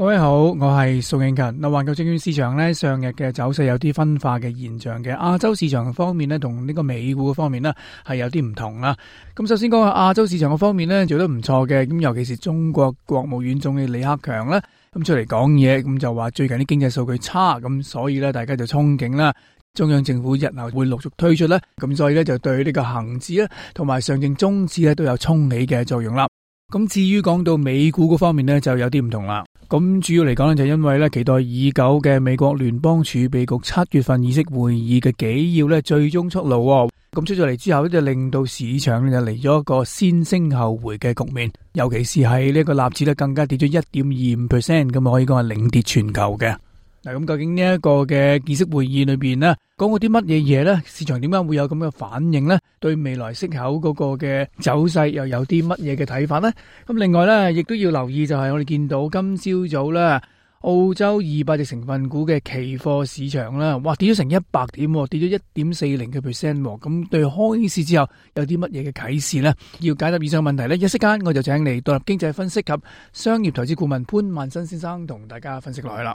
各位好，我係宋慶勤。嗱，環球證券市場呢，上日嘅走勢有啲分化嘅現象嘅。亞洲市場方面呢，同呢個美股方面呢，係有啲唔同啦。咁首先講下亞洲市場嘅方面呢，做得唔錯嘅。咁尤其是中國國務院總理李克強呢，咁出嚟講嘢，咁就話最近啲經濟數據差，咁所以呢，大家就憧憬啦，中央政府日後會陸續推出呢。咁所以呢，就對呢個恒指呢，同埋上證綜指呢，都有衝起嘅作用啦。咁至於講到美股嗰方面呢，就有啲唔同啦。咁主要嚟講咧，就因為咧期待已久嘅美國聯邦儲備局七月份議息會議嘅紀要咧，最終出爐喎。咁出咗嚟之後咧，就令到市場咧就嚟咗一個先升後回嘅局面，尤其是係呢個納指咧更加跌咗一點二五 percent，咁可以講係領跌全球嘅。嗱，咁究竟呢一個嘅議息會議裏邊咧，講過啲乜嘢嘢呢？市場點解會有咁嘅反應呢？對未來息口嗰個嘅走勢又有啲乜嘢嘅睇法呢？咁另外呢，亦都要留意就係我哋見到今朝早咧，澳洲二百隻成分股嘅期貨市場啦，哇，跌咗成一百點，跌咗一點四零嘅 percent 咁。對開市之後有啲乜嘢嘅啟示呢？要解答以上問題呢，一息間我就請嚟獨立經濟分析及商業投資顧問潘萬新先生同大家分析落去啦。